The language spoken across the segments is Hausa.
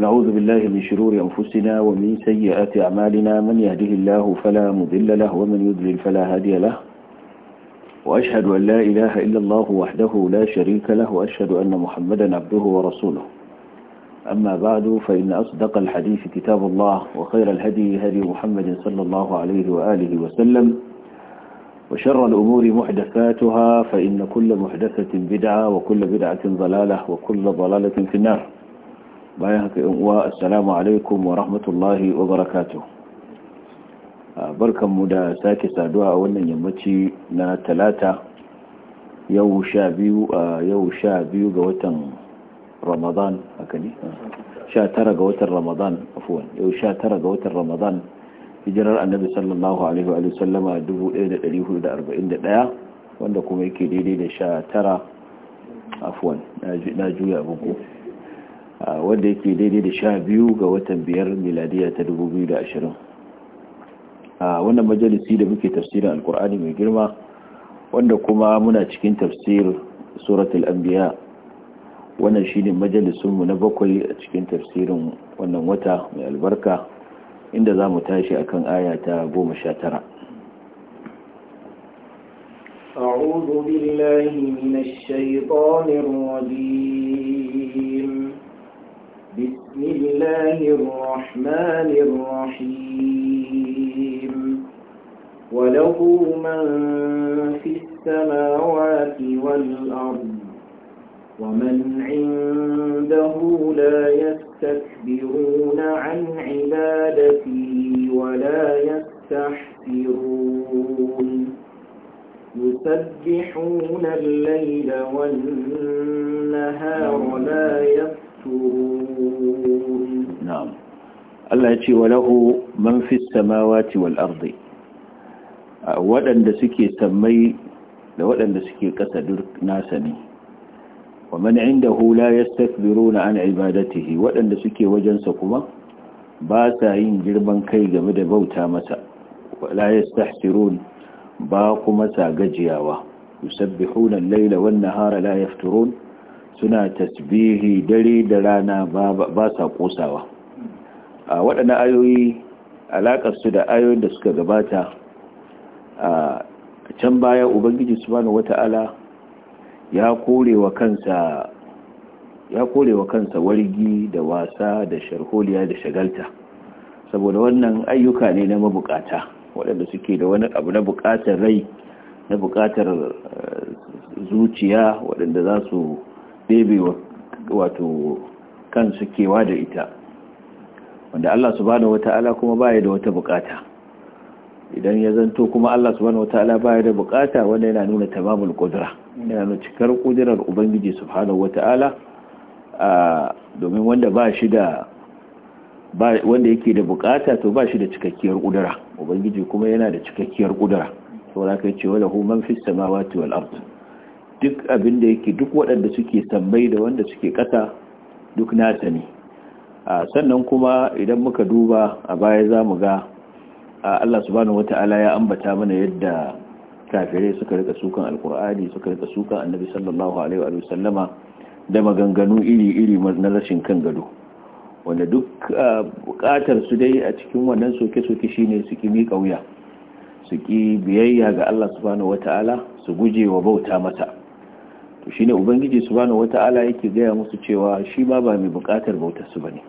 ونعوذ بالله من شرور أنفسنا ومن سيئات أعمالنا من يهده الله فلا مضل له ومن يضلل فلا هادي له وأشهد أن لا إله إلا الله وحده لا شريك له وأشهد أن محمدا عبده ورسوله أما بعد فإن أصدق الحديث كتاب الله وخير الهدي هدي محمد صلى الله عليه وآله وسلم وشر الأمور محدثاتها فإن كل محدثة بدعة وكل بدعة ضلالة وكل ضلالة في النار bayan haka yan uwa assalamu alaikum wa rahmatullahi wa barakatuh barkanmu da sake saduwa a wannan yammaci na talata yau sha biyu a yau sha biyu ga watan ramadan haka ne sha tara ga watan ramadan afuwan yau sha tara ga watan ramadan hijirar annabi sallallahu alaihi wa sallama 1441 wanda kuma yake daidai da sha tara afuwan na juya abubuwa wanda yake daidai da sha biyu ga watan biyar miladiya ta dubu biyu da ashirin a wannan majalisi da muke tafsirin alkur'ani mai girma wanda kuma muna cikin tafsir suratul al'ambiya wannan shi ne majalisunmu na bakwai a cikin tafsirin wannan wata mai albarka inda za mu tashi kan aya ta goma sha tara أعوذ بالله من الشيطان الرجيم بسم الله الرحمن الرحيم وله من في السماوات والأرض ومن عنده لا يستكبرون عن عبادته ولا يستحسرون يسبحون الليل والنهار لا يفتحون na'am Allah ya ce wa lahu man fis samawati wal ardi waɗanda suke sammai da waɗanda suke ƙasa nasa ne wa hula ya la yastakbiruna an ibadatihi waɗanda suke wajensa kuma ba sa yin girman kai game da bauta masa wala yastahsirun ba kuma sa gajiyawa yusabbihuna al-laila wan nahara la yafturun suna tasbihi dare da rana ba sa kosawa a waɗannan ayoyi alaƙarsu da ayoyin da suka gabata a can baya ubangiji subhanahu wata'ala ya kore wa kansa ya kore wa kansa wargi da wasa da sharholiya da shagalta saboda wannan ayyuka ne na mabukata waɗanda suke da wani abu na bukatar rai na bukatar eh, zuciya waɗanda za su ɗebe wato kansu kewa da ita wanda Allah subhanahu wata'ala kuma baya da wata bukata idan ya zanto kuma Allah subhanahu wata'ala baya da bukata wanda yana nuna tamamul kudura yana nuna cikar kudurar ubangiji subhanahu wata'ala domin wanda ba shi da wanda yake da bukata to ba shi da cikakkiyar kudura ubangiji kuma yana da cikakkiyar kudura saboda kai cewa lahu man fis samawati wal ardh duk abin da yake duk waɗanda suke tambayi da wanda suke ƙasa duk nata ne sannan kuma idan muka duba a baya za mu ga Allah subhanahu wata'ala ya ambata mana yadda kafirai suka rika sukan alkur'ani suka rika sukan annabi sallallahu alaihi wa sallama da maganganu iri-iri na rashin kan gado wanda duk bukatar su dai a cikin wannan soke-soke shi ne su kimi miƙa wuya su ki biyayya ga Allah subhanahu wata'ala su guje wa bauta mata to shine ubangiji subhanahu wata'ala yake gaya musu cewa shi ba ba mai bukatar bautar su bane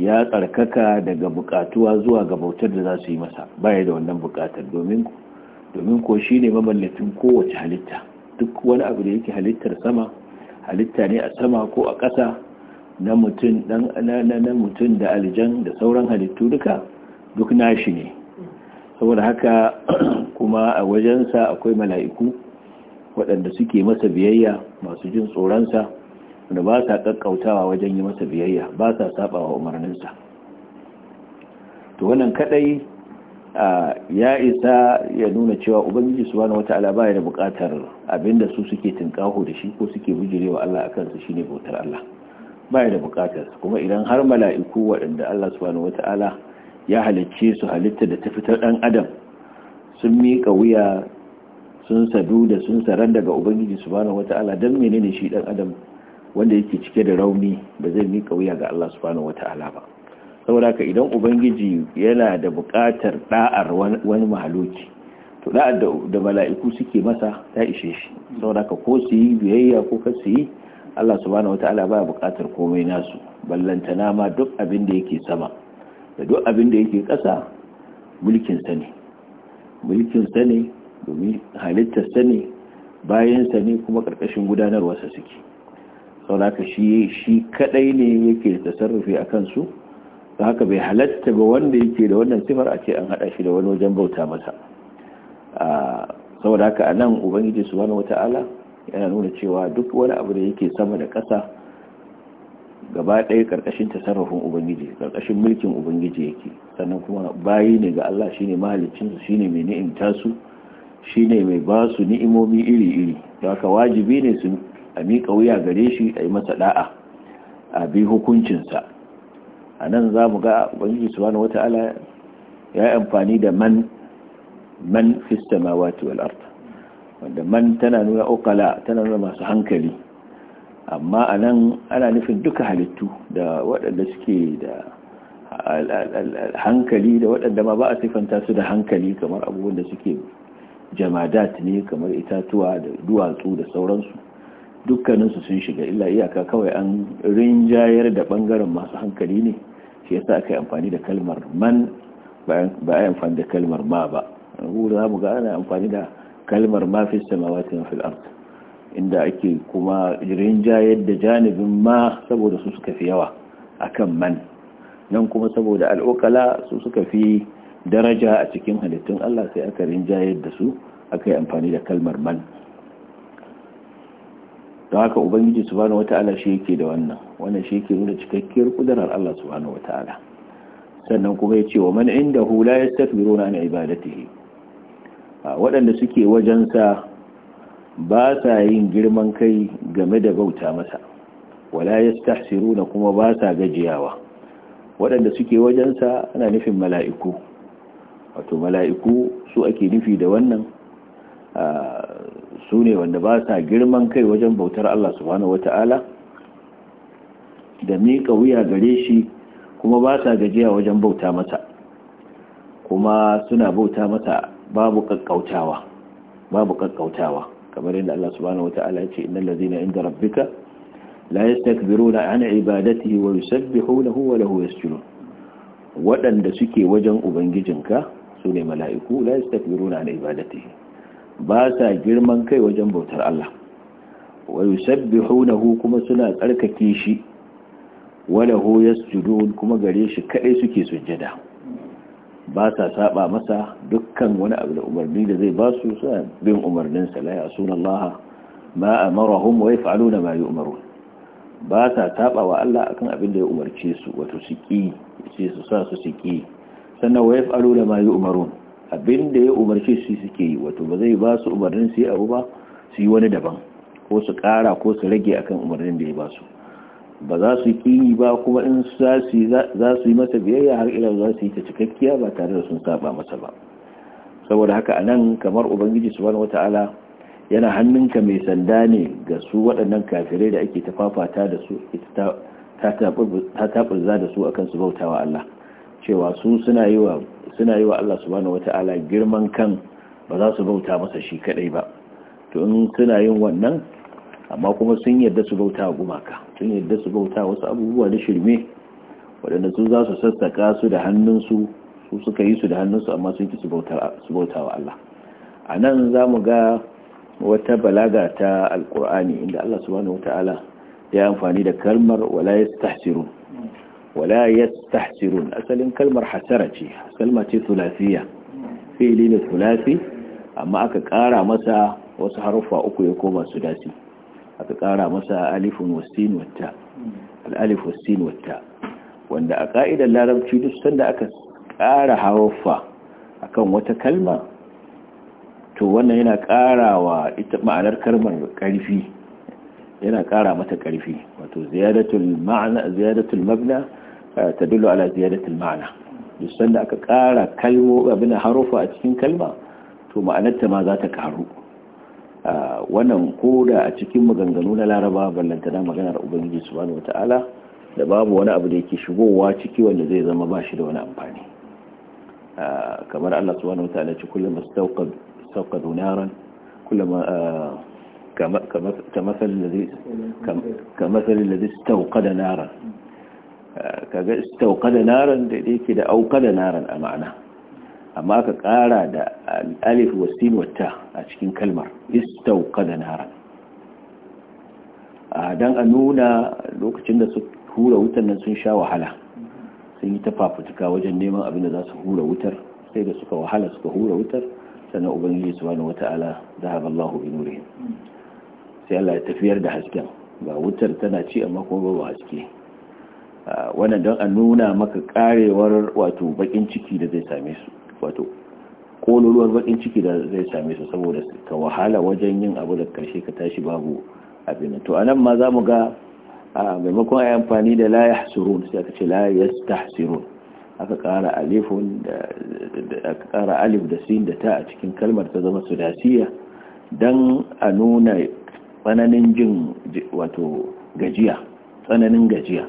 ya tsarkaka daga bukatuwa zuwa ga bautar da za yi masa baya da wannan bukatar domin domin ko shine mamallakin kowace halitta duk wani abu da yake halittar sama halitta ne a sama ko a ƙasa na mutum na mutum da aljan da sauran halittu duka duk nashi ne saboda haka kuma a wajensa akwai mala'iku waɗanda suke masa biyayya masu jin tsoronsa da ba sa ƙaƙƙautawa wajen yi masa biyayya ba sa saɓawa umarninsa to wannan kaɗai ya isa ya nuna cewa ubangiji su wani ala baya da buƙatar abinda su suke tinƙaho da shi ko suke wa Allah a kansu shi ne bautar Allah baya da buƙatar kuma idan har mala'iku waɗanda Allah su wata ala ya halicce su halitta da ta fitar ɗan adam sun miƙa wuya sun sadu da sun saran daga ubangiji subhanahu wata'ala dan menene shi dan adam wanda yake cike da rauni ba zai mika wuya ga Allah subhanahu wata'ala ba saboda ka idan ubangiji yana da buƙatar da'ar wani mahaloki to da'ar da mala'iku suke masa ta ishe shi saboda ka ko su yi biyayya ko ka su yi Allah subhanahu wata'ala ba buƙatar komai nasu ballantana ma duk abin da yake sama da duk abin da yake ƙasa mulkin sa ne mulkin sa ne domin halittarsa ne bayansa ne kuma karkashin gudanarwarsa suke da shi shi kadai ne yake da tasarrufi a kansu da haka bai halatta ba wanda yake da wannan sifar a ce an hada shi da wani wajen bauta masa saboda haka a nan ubangiji wata wata'ala yana nuna cewa duk wani abu da yake sama da ƙasa gaba ɗaya ƙarƙashin tasarrufin ubangiji ƙarƙashin mulkin ubangiji yake sannan kuma bayi ne ga Allah shine mahalicinsu su shine mai ni'imta su ne mai ba su ni'imomi iri-iri aka wajibi ne su a miƙa wuya gare shi a yi masa da'a a bi hukuncinsa a nan za mu ga ubangiji wata wata'ala ya yi amfani da man man fi samawati walarta, wanda man tana nuna okala tana nuna masu hankali amma a nan ana nufin duka halittu da waɗanda suke da hankali da waɗanda ma ba a siffanta su da hankali kamar abubuwan da suke jamadat ne kamar itatuwa da duwatsu da sauransu dukkaninsu sun shiga illa iyaka kawai an rinjayar da bangaren masu hankali ne shi yasa aka yi amfani da kalmar man ba a yi amfani da kalmar ma ba za mu ga ana amfani da kalmar ma fi samawati na fil art inda ake kuma rinjayar da janibin ma saboda su suka fi yawa akan man nan kuma saboda al'okala su suka fi daraja a cikin halittun Allah sai aka rinjayar da su aka yi amfani da kalmar man don haka ubangiji subhanahu wata'ala shi yake da wannan wannan shi yake nuna cikakkiyar kudarar Allah subhanahu wata'ala sannan kuma ya ce wa man ya tafi yastakbiruna an ibadatihi waɗanda suke wajensa ba sa yin girman kai game da bauta masa wala ya yastahsiruna kuma ba sa gajiyawa waɗanda suke wajensa ana nufin mala'iku wato mala'iku su ake nufi da wannan su ne wanda ba sa girman kai wajen bautar Allah subhanahu ta'ala da miƙa wuya gare shi kuma ba sa gajiya wajen bauta mata kuma suna bauta mata babu kakkautawa babu kakkautawa kamar yadda Allah subhanahu ta'ala ya ce innal ladzina inda rabbika la yastakbiruna an ibadatihi wa yusabbihuna huwa lahu yasjudun waɗanda suke wajen ubangijinka su ne mala'iku la yastakbiruna an ibadatihi ba sa girman kai wajen bautar Allah wa hunahu kuma suna tsarkake shi wa lahu yasjudun kuma gare shi kadai suke sujjada ba sa saba masa dukkan wani abu da umarni da zai ba su suna bin umarninsa la ya'sunallaha ma amarahum wa yaf'aluna mayu yu'marun ba sa saba wa Allah akan abin da ya umarce su wato su ki su sa su su sannan wa yafalu da ma yu'marun abinda ya umarci su suke yi wato ba zai ba su umarnin su yi abu ba su yi wani daban ko su kara ko su rage akan umarnin da ya ba su ba za su yi ba kuma in za su yi masa biyayya har ila za su yi ta cikakkiya ba tare da sun saba masa ba saboda haka a nan kamar ubangiji subhanahu wata'ala yana hannunka mai sanda ne ga su waɗannan kafirai da ake tafafata da su ta taɓurza da su akan su bautawa Allah cewa su suna yi wa suna yi wa Allah subhanahu wata'ala girman kan ba za su bauta masa shi kadai ba to in suna yin wannan amma kuma sun yadda su bauta gumaka sun yadda su bauta wasu abubuwa da shirme waɗanda su za su sassaka su da hannunsu su suka yi su da hannunsu amma sun ki su bauta wa Allah a nan za mu ga wata balaga ta alkur'ani inda Allah subhanahu wata'ala ya amfani da kalmar wala yastahsirun wala yastahsirun asalin kalmar hasara ce kalma ce thulathiya fi'li ne thulathi amma aka ƙara masa wasu haruffa uku ya koma su dasi aka ƙara masa alifun wasin wata al'alif wasin wata wanda a ka'idar larabci duk sanda aka ƙara haruffa akan wata kalma to wannan yana ƙara wa ita ma'anar kalmar ƙarfi yana ƙara mata ƙarfi wato ziyadatul ma'ana ziyadatul mabna tadullu ala ziyadatul ma'ana duk sanda aka ƙara kalmo abin harufa a cikin kalma to ma'anarta ma za ta karu wannan koda a cikin maganganu na laraba ballantana maganar ubangiji subhanahu wata'ala da babu wani abu da yake shigowa ciki wanda zai zama ba shi da wani amfani kamar Allah subhanahu wata'ala ci kullum mastauqad sauqadu naran kullum kama kama kama kama kama kaga istauka da naran da yake da auka da naran a ma'ana amma ka kara da alif wasin wata a cikin kalmar istauka da naran don a nuna lokacin da su hura wutar nan sun sha wahala sun yi ta fafutuka wajen neman abin da za su hura wutar sai da suka wahala suka hura wutar sannan ubangiji subhanahu wata'ala zahaballahu bi nurihim sai Allah ya tafiyar da hasken ba wutar tana ci amma kuma ba haske wannan don a nuna maka karewar wato bakin ciki da zai same su wato kololuwar bakin ciki da zai same su saboda ka wahala wajen yin abu da karshe ka tashi babu abin to nan ma za mu ga maimakon a amfani da la yahsurun sai aka ce la yastahsirun aka kara alifun da aka kara alif da sin da ta a cikin kalmar ta zama sudasiya dan a nuna tsananin jin wato gajiya tsananin gajiya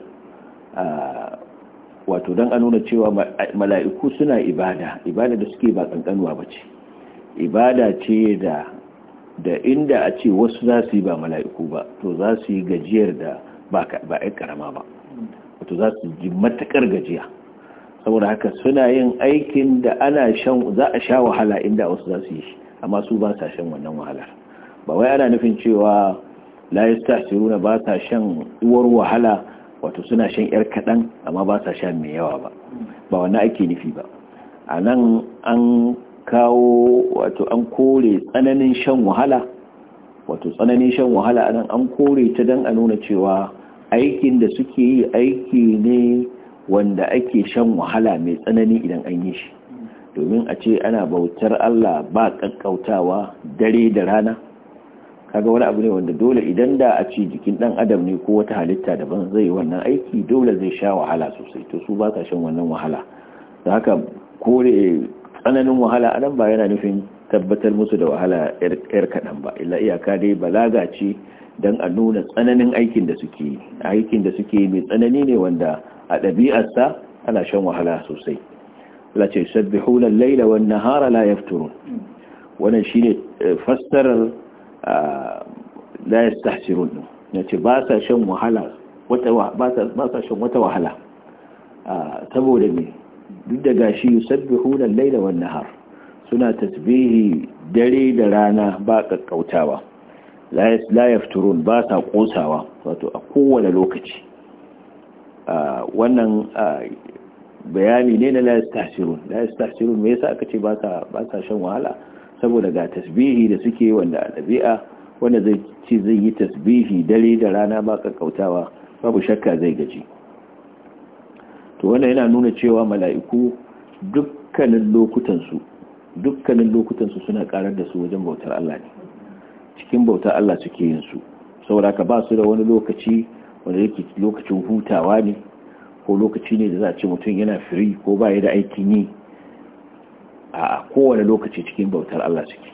wato don a nuna cewa mala'iku suna ibada ibada da suke ba kankanuwa ba ce ibada ce da da inda a ce wasu za su yi ba mala'iku ba to za su yi gajiyar da ba a karama ba wato za su ji matakar gajiya saboda haka suna yin aikin da ana shan za a sha wahala inda wasu za su yi amma su ba sa shan wannan wahalar ba wai ana nufin cewa la yastahsiruna ba sa shan uwar wahala wato suna shan yar kaɗan amma ba sa sha mai yawa ba ba wani ake nufi ba a nan an kawo wato an kore tsananin shan wahala wato tsananin shan wahala a nan an kore ta don a nuna cewa aikin da suke yi aiki ne wanda ake shan wahala mai tsanani idan an yi shi domin a ce ana bautar Allah ba ƙaƙƙautawa dare da rana kaga wani abu ne wanda dole idan da a ci jikin dan adam ne ko wata halitta daban zai wannan aiki dole zai sha wahala sosai to su ba shan wannan wahala da haka kore tsananin wahala anan ba yana nufin tabbatar musu da wahala yar kaɗan ba illa iyaka dai balaga ce don a nuna tsananin aikin da suke aikin da suke mai tsanani ne wanda a ɗabi'arsa ana shan wahala sosai la ce sabbi hulan laila wa nahara la yafturun wannan shine eh, fassarar la yastahsirun na ce ba sa shan wahala wata ba sa shan wata wahala saboda me duk da gashi yusabbihuna al-laila wan nahar suna tasbihi dare da rana ba kakkautawa la yafturun ba sa kosawa wato a kowane lokaci wannan bayani ne na la yastahsirun la yastahsirun me yasa aka ce ba ba sa shan wahala saboda ga tasbihi da suke wanda a ɗabi'a wanda zai ci zai yi tasbihi dare da rana ba babu shakka zai gaji to wannan yana nuna cewa mala'iku dukkanin lokutansu dukkanin lokutansu suna karar da su wajen bautar Allah ne cikin bautar Allah suke yin su saboda ka ba su da wani lokaci wanda yake lokacin hutawa ne ko lokaci ne da za a ce mutum yana firi ko ba ya da aikin yi a kowane lokaci cikin bautar Allah suke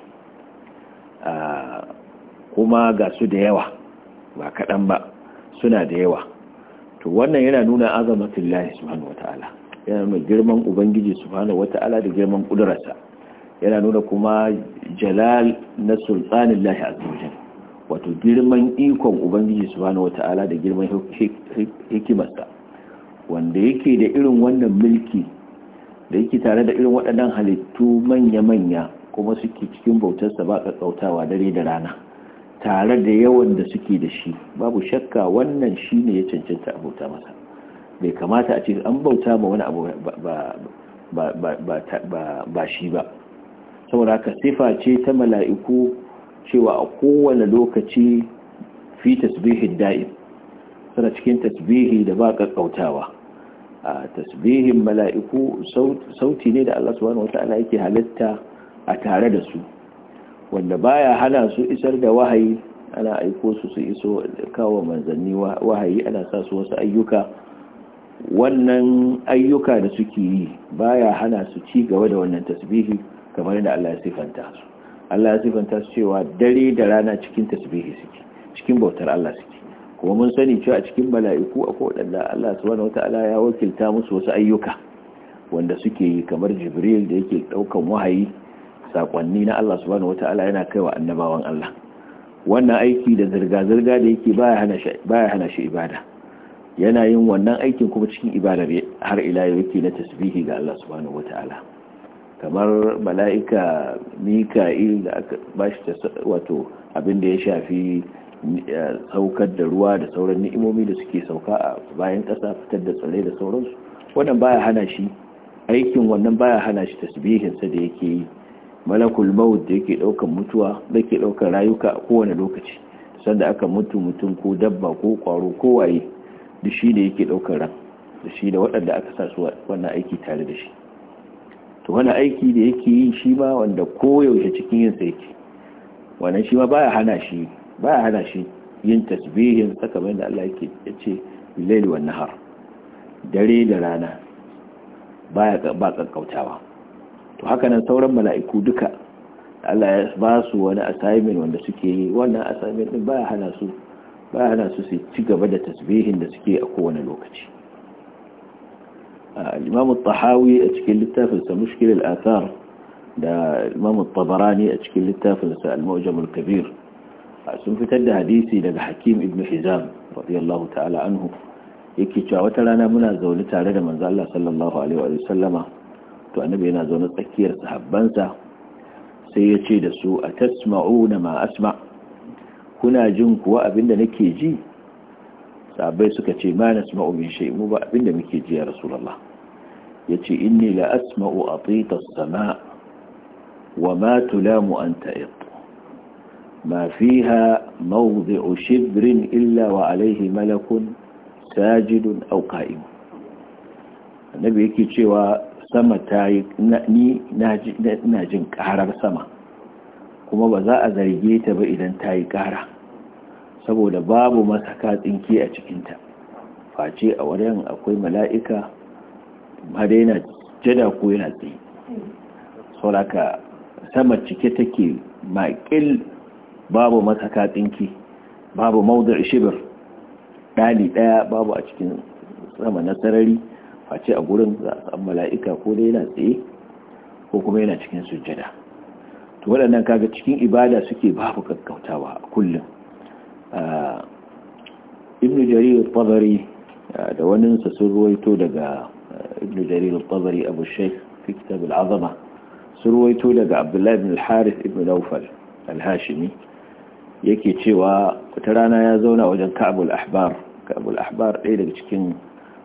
kuma ga su da yawa ba kaɗan ba suna da yawa to wannan yana nuna azamatin lahi subhanahu wata'ala yana nuna girman ubangiji subhanahu wata'ala da girman kudurarsa yana nuna kuma jalal na sultanin lahi azuwajen wato girman ikon ubangiji subhanahu wata'ala da girman hikimarsa wanda yake da irin wannan mulki da yake tare da irin waɗannan halittu manya-manya kuma suke cikin bautarsa ba ƙaƙƙautawa dare da rana tare da yawan da suke da shi babu shakka wannan shi ne ya cancanta a bauta masa bai kamata a ce an bauta ma wani abu ba shi ba saboda ka sifa ce ta mala'iku cewa a kowane lokaci fi tasbihin da'in suna cikin tasbihi da ba ƙaƙƙautawa tasbihin mala'iku sauti ne da Allah subhanahu wata'ala yake halitta a tare da su wanda baya hana su isar da wahayi ana aiko su su iso kawo manzanni wahayi ana sa su wasu ayyuka wannan ayyuka da suke yi baya hana su ci gaba da wannan tasbihi kamar da Allah ya sifanta su Allah ya sifanta su cewa dare da rana cikin tasbihi suke cikin bautar Allah suke kuma mun sani cewa a cikin mala'iku akwai waɗanda Allah subhanahu wata'ala ya wakilta musu wasu ayyuka wanda suke yi kamar Jibril da yake ɗaukan wahayi sakonni na Allah subhanahu wata'ala yana kaiwa annabawan Allah wannan aiki da zirga-zirga da yake baya hana shi ibada yana yin wannan aikin kuma cikin ibadar har ila yake na tasbihi ga Allah subhanahu wata'ala kamar mala'ika mika'il da aka bashi wato abin da ya shafi saukar da ruwa da sauran ni'imomi da suke sauka a bayan ƙasa fitar da tsirrai da sauransu wannan baya hana shi aikin wannan baya hana shi tasbihinsa da yake yi malakul maut da yake ɗaukar mutuwa da yake ɗaukar rayuka a kowane lokaci sanda aka mutu mutum ko dabba ko ƙwaro ko waye da shi da yake ɗaukar ran da shi da waɗanda aka sa su wannan aiki tare da shi to wani aiki da yake yi shi ma wanda koyaushe cikin yinsa yake wannan shi ma baya hana shi ba hana shi yin tasbihin sakamakon da Allah ya ce laili nahar dare da rana ba kankautawa to haka nan sauran mala'iku duka Allah ya ba su wani assignment wanda suke yi wannan assignment din ba hana su ba hana su su ci gaba da tasbihin da suke a kowane lokaci al-Imam tahawi a cikin littafin sa Mushkil athar da Imam al-Tabarani a cikin littafin sa Al-Mu'jam al-Kabir sun fitar da hadisi daga hakim ibn hizam radiyallahu ta'ala anhu yake cewa wata rana muna zaune tare da manzo Allah sallallahu alaihi wa sallama to annabi yana zaune tsakiyar sahabbansa sai ya ce da su atasma'una ma asma kuna jin kuwa abinda nake ji sahabbai suka ce ma nasma'u min shay mu ba abinda muke ji ya rasulullah yace inni la asma'u atita as-sama' wa ma tulamu anta ما فيها موضع شبر إلا وعليه ملك ساجد أو قائم النبي يكي تشوى سما تاي نأني ناجن كهرب سما كما بزاء ذريجيت بإذن تاي ƙara. saboda babu masaka tsinki a cikinta face a wurin akwai mala'ika har yana jada ko yana tsaye sauraka sama cike take makil babu masaka tsinki babu maudu shibir ɗali ɗaya babu a cikin sama na sarari face a gurin za mala'ika ko dai yana tsaye ko kuma yana cikin sujjada to waɗannan kaga cikin ibada suke babu kakkautawa kullum ibn jarir tabari da waninsa sun ruwaito daga ibn jarir tabari abu sheikh fi kitab sun ruwaito daga abdullahi ibn al-harith ibn laufal al-hashimi yake cewa wata rana ya zauna wajen ka'abul ahbar ka'abul ahbar ɗaya daga cikin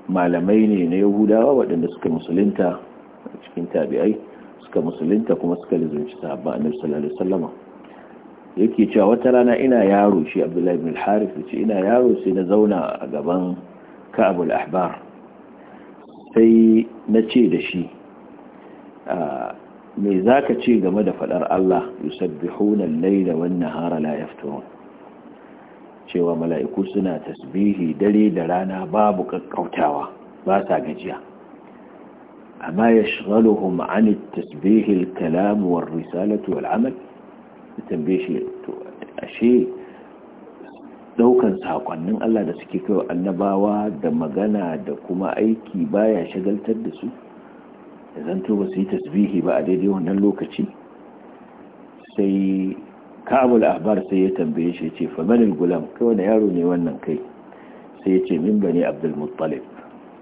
malamai ne na yahudawa waɗanda suka musulunta cikin tabi'ai suka musulunta kuma suka lizunci sahabba annabi sallallahu alaihi wasallam yake cewa wata rana ina yaro shi abdullahi bin harith yace ina yaro sai na zauna a gaban ka'abul ahbar sai na ce da shi ah, me za ka ce game da faɗar Allah yusabbihuna al-laila wan-nahara la cewa mala'iku suna tasbihi dare da rana babu kakkautawa ba sa gajiya amma yashghaluhum 'an at-tasbih al-kalam war-risalatu wal-'amal tambaye shi to ashe daukan sakonnin Allah da suke kai annabawa da magana da kuma aiki baya shagaltar da su da zanto ba su yi tasbihi ba a daidai wannan lokaci sai kabul ahbar sai ya tambaye shi ce famanin gulam kai wani yaro ne wannan kai sai ya ce min bane abdulmuttalib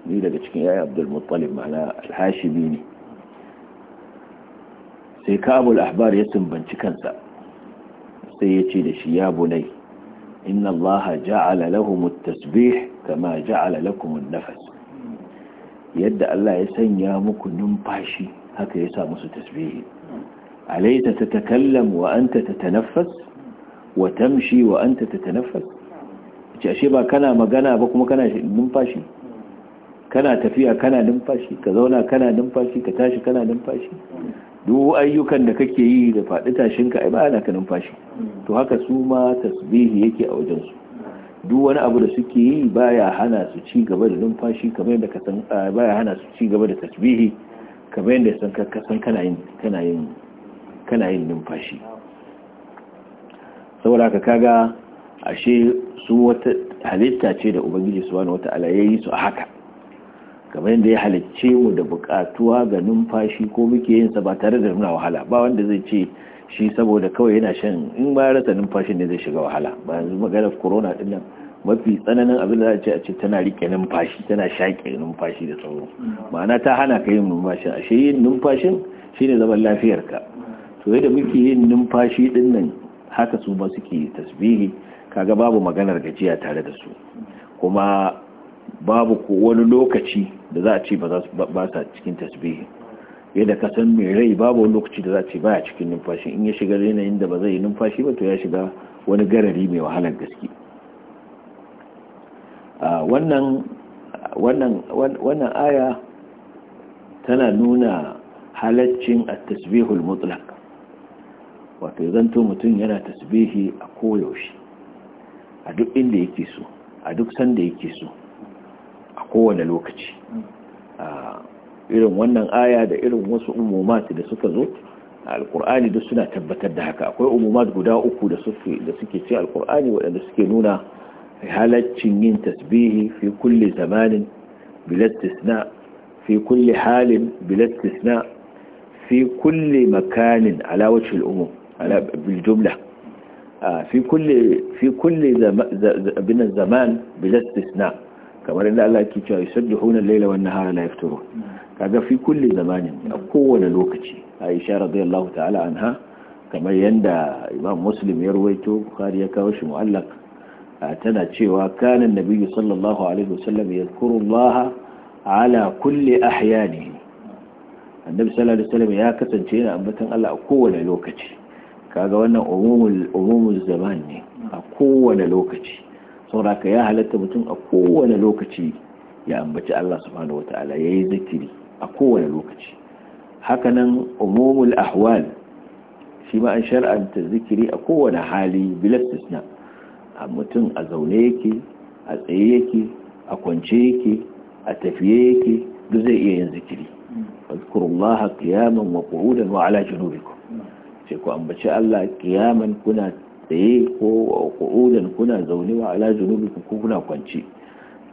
ni daga cikin yaya abdulmuttalib ma'ana alhashimi ne sai kabul ahbar ya sumbanci kansa sai ya ce da shi ya bunai inna allaha ja'ala lahum at-tasbih kama ja'ala lakum an-nafas yadda Allah ya sanya muku numfashi haka ya sa musu tasbihi alaita tatakallamu wa anta tatanaffas wa tamshi wa anta tatanaffas ce ashe ba kana magana ba kuma kana numfashi kana tafiya kana numfashi ka zauna kana numfashi ka tashi kana numfashi duk ayyukan da kake yi da faɗi tashinka ai ba ana ka numfashi to haka su ma tasbihi yake a wajensu duk wani abu da suke yi baya hana su ci gaba da numfashi kamar yadda ka san ah, baya hana su ci gaba da tasbihi kamar yadda san ka san kana yin kana yin kana yin numfashi saboda ka kaga ashe su wata halitta ce da ubangiji subhanahu wata'ala yayi su a haka kamar yadda ya halicce mu da bukatuwa ga numfashi ko muke yin sa ba tare da nuna wahala ba wanda zai ce shi saboda kawai yana shan in ba rasa numfashin ne zai shiga wahala ba yanzu maganar corona din nan mafi tsananin abin da ce a ce tana rike numfashi tana shaƙe numfashi da sauro ma'ana ta hana ka yin numfashin ashe yin numfashin shine zaman lafiyar ka to yadda muke yin numfashi din nan haka su ma suke tasbihi kaga babu maganar gajiya tare da su kuma babu ko wani lokaci da za a ce ba sa cikin tasbihi yadda ka san mai rai babu wani lokaci da za ce baya cikin numfashi in ya shiga yanayin da ba zai yi numfashi ba to ya shiga wani garari mai wahalar gaske wannan aya tana nuna halaccin a tasbihul mutlak wato zanto mutum yana tasbihi a koyaushe a duk inda yake so a duk sanda yake so a kowane lokaci irin wannan aya da irin wasu umumat da suka zo alkur'ani duk suna tabbatar da haka akwai umumat guda uku da suke ce alkur'ani waɗanda suke nuna halaccin yin tasbihi fi kulli zamanin bila istisna fi kulli halin bila istisna fi kulli makanin ala wajhi biljumla, fi kulli fi kulli zaman bila kamar inda Allah ke cewa yusabbihuna al-laila wan nahara la yafturun kaga fi kulle zamanin a kowane lokaci aisha Allah ta'ala anha kamar yadda imam muslim ya ruwaito bukari ya kawo shi mu'allaq tana cewa kanan nabiyyu sallallahu alaihi wasallam yadhkuru allaha ala kulle ahyani. annabi sallallahu alaihi wasallam ya kasance yana ambatan Allah a kowane lokaci kaga wannan umumul umumul zaman ne a kowane lokaci saboda ya halatta mutum a kowane lokaci ya ambaci Allah subhanahu wataala yayi zikiri a kowane lokaci hakanan umumul ahwal shi ma an shar'anta zikiri a kowane hali bilastisna a mutum a zaune yake a tsaye yake a kwance yake a tafiye yake duk zai iya yin zikiri fadkurullaha qiyaman wa qu'udan wa ala junubikum sai ku ambaci Allah qiyaman kuna tsaye ko qu'udan kuna zaune wa ala junubikum ko kuna kwance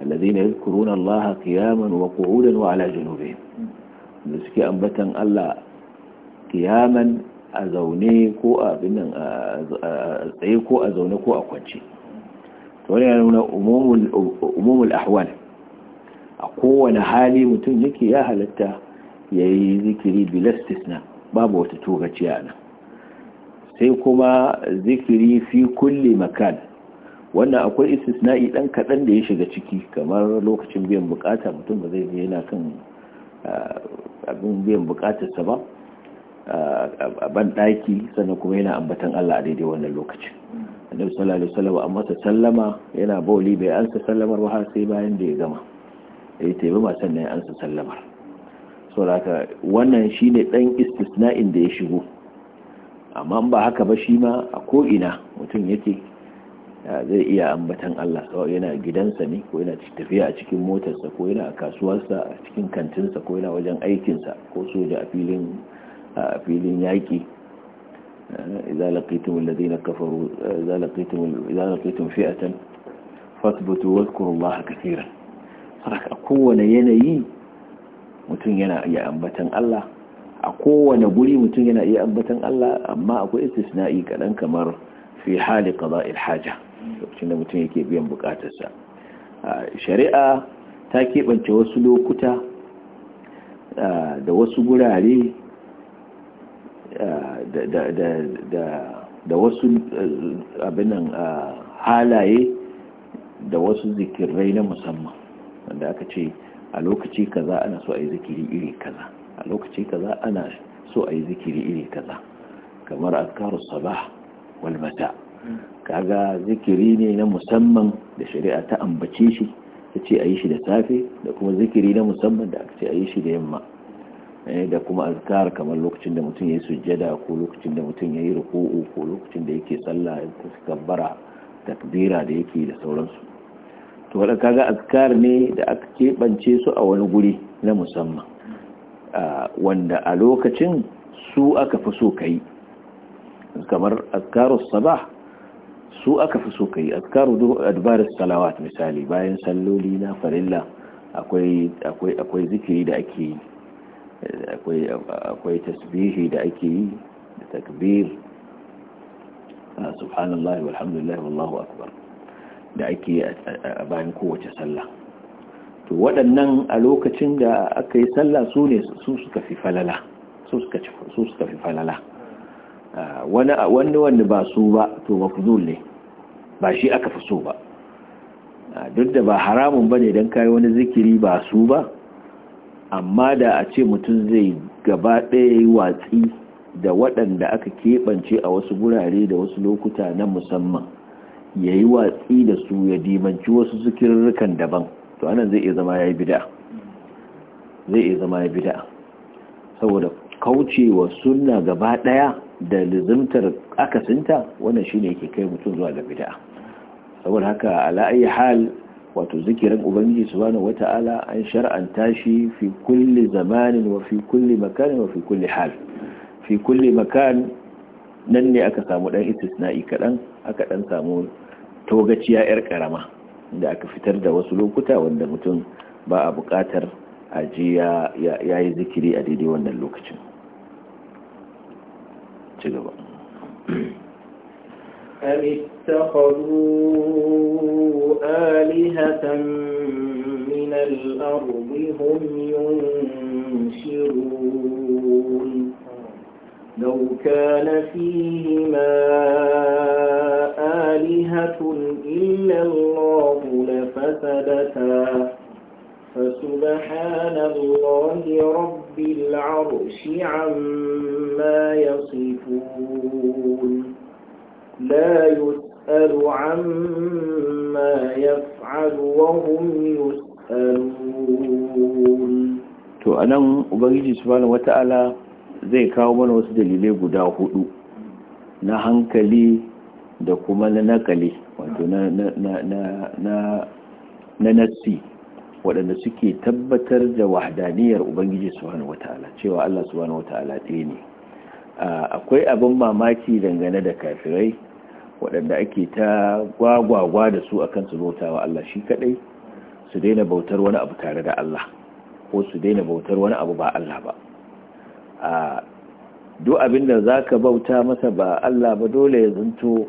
alladhina yadhkuruna allaha qiyaman wa qu'udan wa da suke ambatan Allah kiyaman a zaune ko a binnan a tsaye ko a zaune ko a kwance to wani yana nuna umumul ahwal a kowane hali mutum yake ya halatta ya yi zikiri bilastisna babu wata togaciya nan sai kuma zikiri fi kulle makan wannan akwai istisna'i dan kaɗan da ya shiga ciki kamar lokacin biyan bukata mutum ba zai yana kan abin biyan bukatarsa ba a ban daki sannan kuma yana ambatan Allah a daidai wannan lokacin annabi sallallahu alaihi wasallam amma ta sallama yana bauli bai ansa sallamar ba har sai bayan da ya gama ya taiba ma sannan ya ansa sallamar saboda wannan shine dan istisna'in da ya shigo amma ba haka ba shi ma a ko ina mutum yake zai iya ambatan Allah yana gidansa ne ko yana tafiya a cikin motarsa ko yana a kasuwarsa a cikin kantinsa ko yana wajen aikinsa ko soja a filin a filin yaƙi idza laqitum alladhina kafaru idza laqitum idza laqitum fi'atan fathbutu wa dhkuru Allah katiran a kowane yanayi mutum yana iya ambatan Allah a kowane guri mutum yana iya ambatan Allah amma akwai istisna'i kaɗan kamar fi hali qada'il haja lokacin da mutum yake biyan bukatarsa shari'a ta keɓance wasu lokuta da wasu gurare da wasu abinan halaye da wasu zikirai na musamman wanda aka ce a lokaci kaza ana so a yi zikiri iri kaza a lokaci kaza ana so a yi zikiri iri kaza kamar sabah wal kaga zikiri ne na musamman da shari'a ta ambace shi ta ce a yi shi da safe da kuma zikiri na musamman da aka ce a yi shi da yamma eh, da kuma azkar kamar lokacin da mutum ya yi sujjada ko lokacin da mutum ya yi ruku'u ko lokacin da yake sallah ta kabbara takbira da yake da sauransu to wadda kaga azkar ne da aka keɓance su a wani guri na musamman wanda a lokacin su aka fi so ka yi kamar azkarus sabah su aka fi so kai azkaru adbaris salawat misali bayan salloli na farilla akwai akwai akwai zikiri da ake yi akwai akwai tasbihi da ake yi da takbir ah, subhanallahi walhamdulillahi wallahu akbar da ake a bayan kowace sallah to waɗannan a lokacin da aka yi sallah su ne su suka fi falala su suka fi falala ah, wani wanda ba su ba to mafuzul ne ba shi aka fi so ba duk da ba haramun ba ne don kayi wani zikiri ba su ba amma da a ce mutum zai gaba ɗaya watsi da waɗanda aka keɓance a wasu gurare da wasu lokuta na musamman ya yi watsi da su ya dimanci wasu zikirarrukan daban to anan zai iya zama ya yi bida zai iya zama ya bida saboda kaucewa suna gaba ɗaya da lizimtar akasinta wannan shi ne ke kai mutum zuwa ga bida saboda haka ala ayi hal wato zikirin ubangiji subhanahu wata'ala an shar'anta shi fi kulli zamanin wa fi kulli makanin wa fi kulli hal fi kulli makan nan ne aka samu dan istisna'i kadan aka dan samu togaciya yar karama da aka fitar da wasu lokuta wanda mutum ba a bukatar ajiya ya yi zikiri a daidai wannan lokacin ci gaba أم اتخذوا آلهة من الأرض هم ينشرون لو كان فيهما آلهة إلا الله لفسدتا فسبحان الله رب العرش عما يصفون لا يسأل عما يفعل وهم يسألون to anan ubangiji subhanahu wata'ala zai kawo mana wasu dalilai guda hudu na hankali da kuma na nakali wato na na na nassi waɗanda suke tabbatar da wahdaniyar ubangiji subhanahu wata'ala cewa Allah subhanahu wata'ala ɗaya ne akwai abin mamaki dangane da kafirai waɗanda ake ta gwagwagwa da su akan su bauta wa Allah shi kaɗai su daina bautar wani abu tare da Allah ko su daina bautar wani abu ba Allah ba a duk za ka bauta masa ba Allah ba dole ya zanto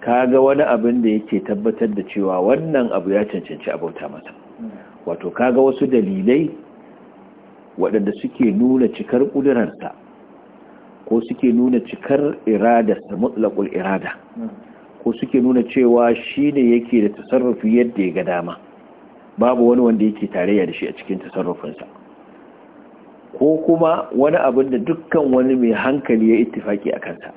kaga wani abin da yake tabbatar da cewa wannan abu ya cancanci a bauta mata wato kaga wasu dalilai waɗanda suke nuna cikar ƙudurarsa ko suke nuna cikar iradarsa mutlaqul irada ko suke nuna cewa shi ne yake da tasarrufi yadda ya ga dama babu wani wanda yake tarayya da shi a cikin tasarrufinsa ko kuma wani abin da dukkan wani mai hankali ya ittifaki a kansa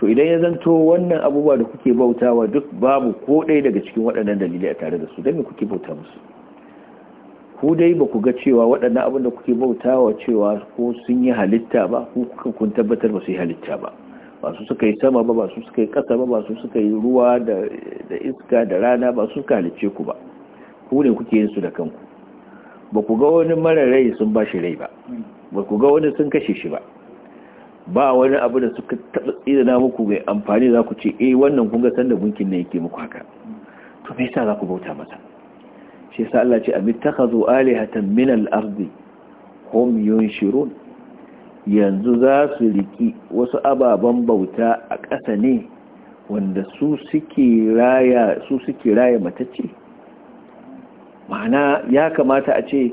to idan ya zanto wannan abubuwa da kuke bautawa duk babu ko ɗaya daga cikin waɗannan dalilai a tare da su don me kuke bauta musu ku dai ba ku ga cewa waɗannan abin da kuke bautawa cewa ko sun yi halitta ba ko kuka kun tabbatar ba su yi halitta ba ba su suka yi sama ba ba su suka yi ƙasa ba ba su suka yi ruwa da iska da rana ba su suka halicce ku ba ku ne kuke yin su da kanku ba ku ga wani mara rai sun ba shi rai ba ba ku ga wani sun kashe shi ba ba wani abu da suka taɓa tsirana muku mai amfani za ku ce eh wannan kun ga sanda gunkin ne yake muku haka to me yasa za ku bauta masa shi sa Allah ce abittakhadhu alihatan min al-ardi hum yunshirun yanzu za su riki wasu ababen bauta a ƙasa ne wanda su suke raya su suke matacce ma'ana ya kamata a ce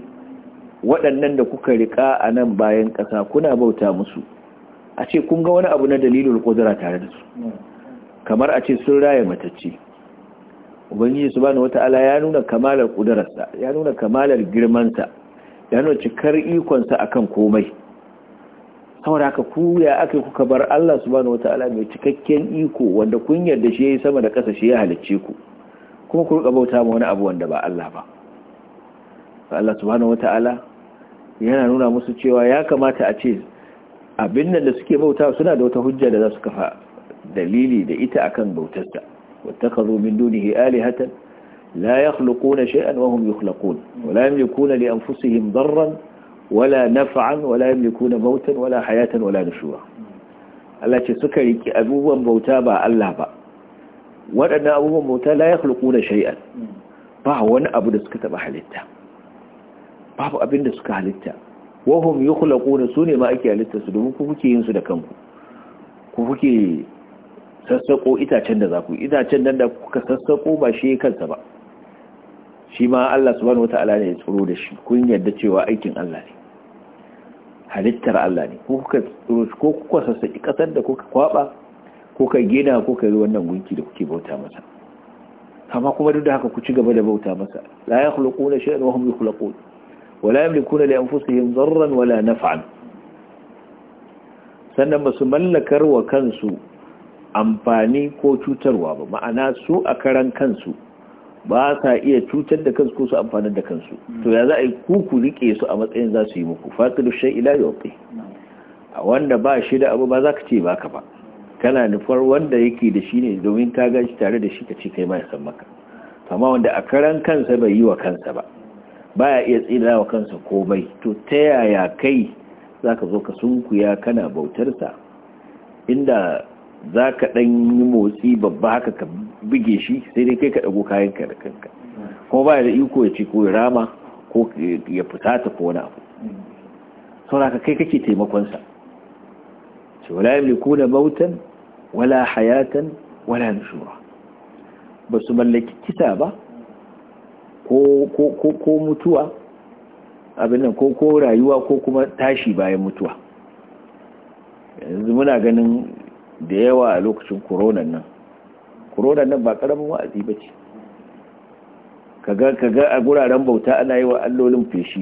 waɗannan da kuka riƙa a nan bayan ƙasa kuna bauta musu a ce kun ga wani abu na dalilin ƙudura tare da su hmm. kamar a ce sun raya matacce ubangiji wata wata'ala ya nuna kamalar kudararsa ya nuna kamalar girmansa ya nuna cikar ikonsa akan komai saboda haka ku ya aka kuka bar Allah subhanahu wata'ala mai cikakken iko wanda kun yarda shi yayi sama da ƙasa shi ya halicce ku kuma ku rika bauta ma wani abu wanda ba Allah ba Allah subhanahu wata'ala yana nuna musu cewa ya kamata a ce abin nan da suke bauta suna da wata hujja da za su kafa dalili da ita akan bautarsa واتخذوا من دونه آلهة لا يخلقون شيئا وهم يخلقون ولا يملكون لأنفسهم ضرا ولا نفعا ولا يملكون موتا ولا حياة ولا نشورا Allah ce suka riki abubuwan bauta ba Allah ba waɗannan abubuwan bauta la yakhluquna shay'an ba wani abu da suka taba halitta babu abin suka halitta wahum yukhlaquna sune ma ake halitta su domin yin su da kanku ku sassaƙo itacen da za ku itacen nan da kuka sassaƙo ba shi kansa ba shi ma Allah subhanahu wata'ala ne ya tsoro da shi kun yarda cewa aikin Allah ne halittar Allah ne ko kuka ko kuka sassaƙi ƙasar da kuka kwaba kuka gina kuka yi wannan gunki da kuke bauta masa amma kuma duk da haka ku ci gaba da bauta masa la yakhluquna shay'an wa hum yukhluqun wa la yamlikuna li anfusihim darran la naf'an sannan ba su mallakar wa kansu amfani ko cutarwa ba ma'ana su a karan kansu ba sa iya cutar da kansu ko su amfanar da kansu hmm. to ya za a yi kuku rike su a matsayin za su yi muku fatilu shai ila yauƙi a wanda ba shi da abu ba za ka ce baka ba kana nufar wanda yake da shi ne domin ka gaji tare da shi ka ce kai ma ya san maka amma wanda a karan kansa bai yi wa kansa ba baya iya tsira wa kansa komai to ta yaya kai za ka zo ka sunkuya kana bautarsa inda za ka ɗan yi motsi babba haka ka buge shi sai dai kai ka ɗago kayan ka da kanka kuma ba da iko ya ce ko ya rama ko ya fusata ko wani abu sauraka kai kake sa ce wala ko na bautan wala hayatan wala nushura ba su mallaki kisa ba ko mutuwa abin nan ko rayuwa ko kuma tashi bayan mutuwa yanzu muna ganin da yawa a lokacin koronan nan koronan nan ba karamin wa'azi ba ce kaga kaga a guraren bauta ana yi wa allolin feshi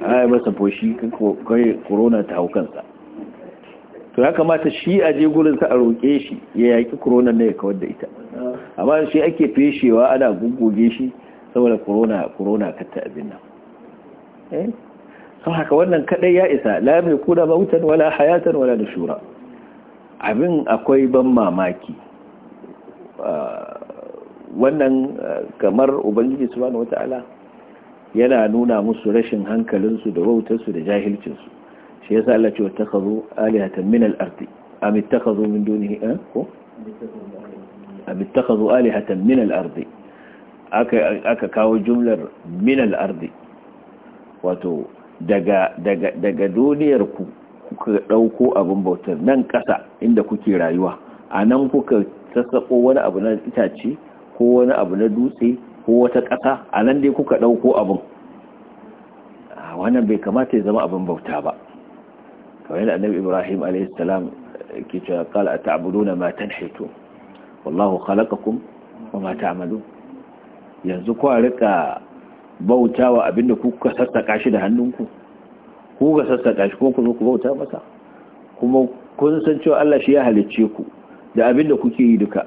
yi masa feshi kai korona ta haukansa to ya kamata shi a je gurinsa a roƙe shi ya yaƙi korona na ya kawar da ita amma shi ake feshewa ana gugguge shi saboda korona korona katta abin nan eh? sau haka wannan kadai ya isa la mai kuna mautan wala hayatan wala nushura abin akwai ban mamaki ah, wannan ah, kamar ubangiji su subhanahu wata'ala yana nuna musu rashin hankalinsu da wautarsu da jahilcinsu shi sa Allah ce wattakhadhu alihatan min al a am ittakhadhu min dunihi eh, ko am ittakhadhu alihatan min al aka aka kawo jumlar min al wato daga duniyar ku kuka ɗauko abin bautar nan ƙasa inda kuke rayuwa a nan kuka sassaƙo wani abu na itace ko wani abu na dutse ko wata ƙasa a nan dai kuka ɗauko abin wannan bai kamata ya zama abin bauta ba kamar yadda annabi ibrahim a.s. ke cewa kala na matan haito. wallahu khalaqakum wa ma ta'amalu yanzu ku rika bautawa abinda kuka sassaƙa shi da hannunku ku ga sassaƙa shi ko ku zo ku bauta masa kuma kun san cewa Allah shi ya halicce ku da abin da kuke yi duka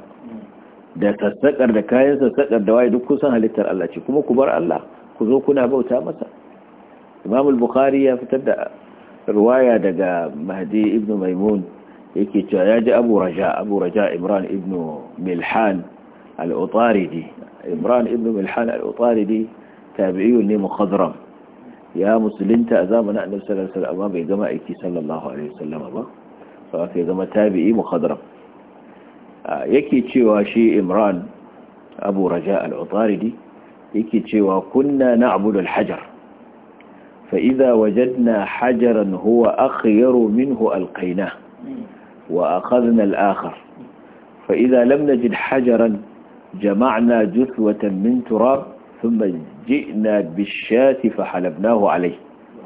da sassaƙar da kayan sassaƙar da waye duk kun san halittar Allah ce kuma ku bar Allah ku zo kuna bauta masa Imam al-Bukhari ya fitar da riwaya daga Mahdi ibn Maimun yake cewa ya ji Abu Raja Abu Raja Imran ibn Milhan al-Utaridi Imran ibn Milhan al-Utaridi ne mukhadram يا مسلمين تأذمنا أن نرسل رسل أمام بجمع إكي صلى الله عليه وسلم الله فأكي جمع تابعي مخضرة يكي تشيوا شي إمران أبو رجاء العطاردي يكي تشيوا كنا نعبد الحجر فإذا وجدنا حجرا هو أخير منه ألقيناه وأخذنا الآخر فإذا لم نجد حجرا جمعنا جثوة من تراب ثم جئنا بالشاة فحلبناه عليه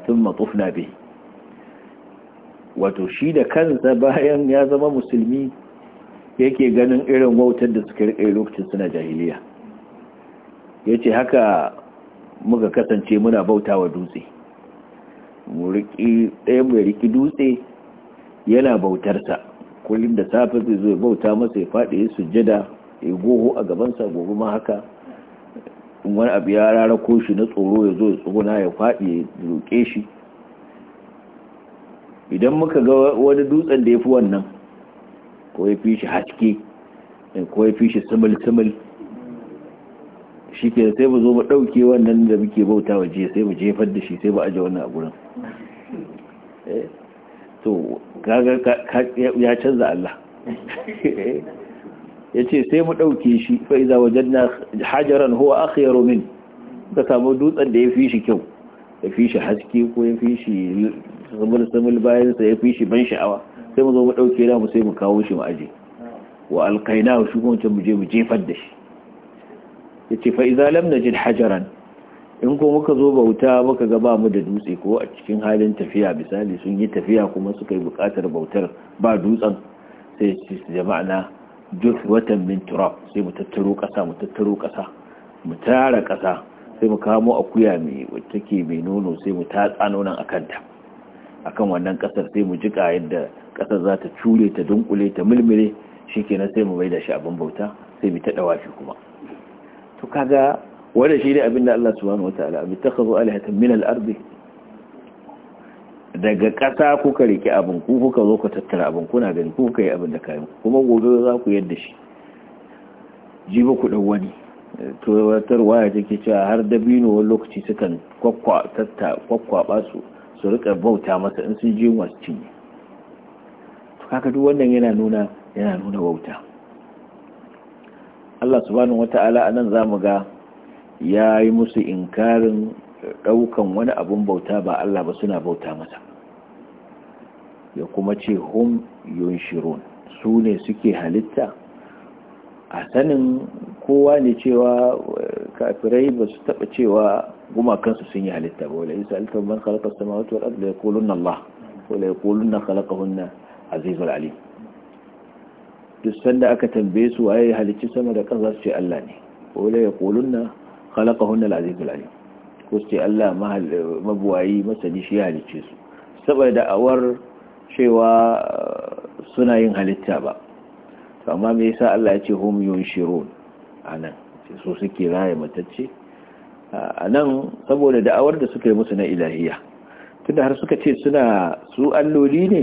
ثم طفنا به wato shi da kansa bayan ya zama musulmi yake ganin irin wautar da suka riƙe lokacin suna jahiliya yace haka muka kasance muna bautawa dutse. Mu dutse ɗaya mai riki dutse yana bautar sa, kullum da safe zai zo bauta masa ya faɗi sujjada ya goho a gabansa gobe ma haka in wani abu ya rarako shi na tsoro ya zo ya tsuguna ya faɗi ya roƙe shi idan muka ga wani dutsen da ya fi wannan ko ya fi shi haske ko ya fi shi samal samal shi ke sai mu zo mu ɗauke wannan da muke bauta waje sai mu jefar da shi sai mu aje wannan a gurin eh, to ya canza Allah yace sai mu ɗauke shi fa iza na hajaran huwa akhyaru min ka samu dutsen da ya fi shi kyau ya fi shi haske ko ya fi shi samul samul bayan sa fi shi ban sha'awa sai mu zo mu ɗauke da mu sai mu kawo shi mu aje wa alqaina shi kuma mu je mu jefar da shi yace fa iza lam najid hajaran in ko muka zo bauta muka ga ba mu da dutse ko a cikin halin tafiya misali sun yi tafiya kuma suka yi bukatar bautar ba dutsen sai su jama'a na juhwatan min turab sai mu tattaro kasa mu tattaro kasa mu tara kasa sai mu kamo akuya mai take mai nono sai mu tatsa nonon ta akan wannan kasar sai mu jika yadda kasar za ta cure ta dunkule ta mulmule shikenan sai mu da shi abin bauta sai mu ta dawa kuma to kaga wanda shi ne abin da Allah subhanahu wataala bi takhadhu alihatan min al-ardi daga ƙasa kuka rike abin ku kuka zo ku tattara abin kuna gani ku kuka yi abin da kayan kuma gobe za ku yadda shi ji ba ku ɗan wani tuwatar waya take cewa har dabino wani lokaci sukan ba su su rika bauta masa in sun ji masu cinye kaka duk wannan yana nuna yana nuna bauta Allah subhanahu wata'ala anan zamu ga yayi musu inkarin daukan wani abun bauta ba Allah ba suna bauta masa ya kuma ce hum shirun su ne suke halitta a sanin kowa ne cewa eh, kafirai ba su taɓa cewa gumakansu sun yi halitta ba wale isa alkan man khalaqa samawati wal ardi yaquluna Allah wala yaquluna khalaqahunna azizul ali duk sanda aka tambaye su waye halicci sama da ƙasa su ce Allah ne wala yaquluna khalaqahunna al azizul ali ko su ce Allah mabuwayi masani shi halicce su saboda awar cewa uh, suna yin halitta ba amma me yasa Allah ya ce hum yunshirun anan so suke raye matacce uh, anan saboda da'awar da suka yi musu na ilahiya tunda har suka ce suna su alloli ne